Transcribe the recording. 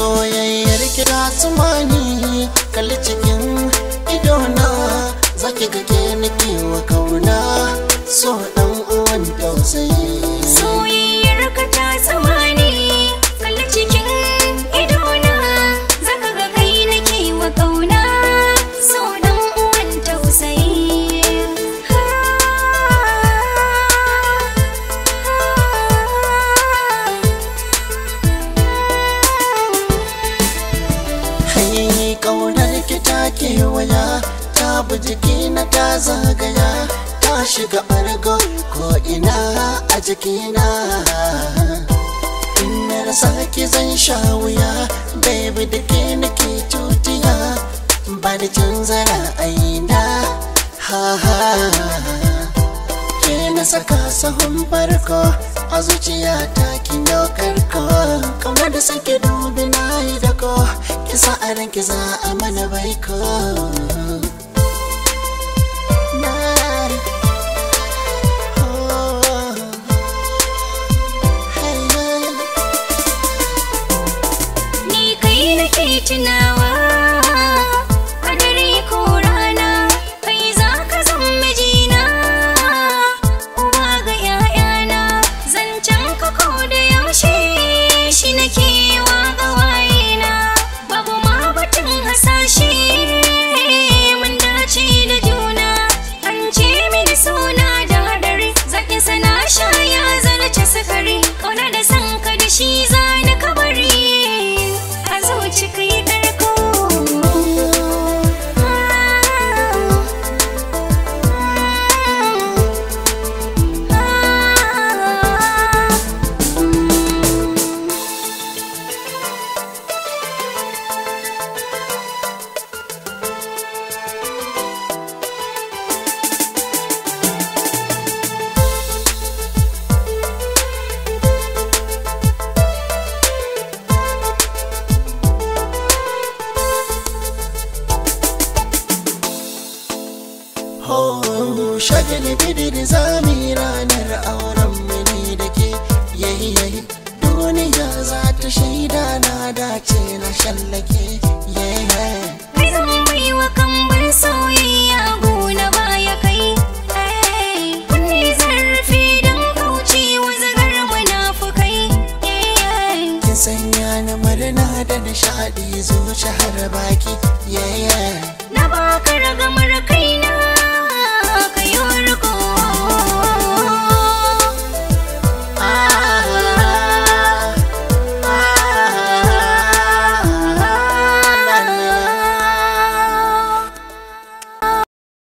soyayyar kira tumani kalli cikin idona zaki ga ke nake wa kauna so dan uwan tausayi kaunar ki ta kewaya ta jiki na ta zagaya ta shiga ɓargo ko ina a jikina in na rasa ki zan sha wuya baby da ke nake tutiya ba da canza aina ha ha na saka sahun farko a zuciya ta kinyo karko kamar da sake dubi na yi dako ki sa a ranki za a mana baiko oh. Ni kai na ke tunawa shagali bidir zami ranar auren mini da ke yayi yayi duniya za ta shaida na dace na shallake yayi mai wa kambar ya gona baya kai kunne zarfi don kauce wa zagar munafukai kin sanya na murna da nishadi zuci har baki yayi na baka ragamar kai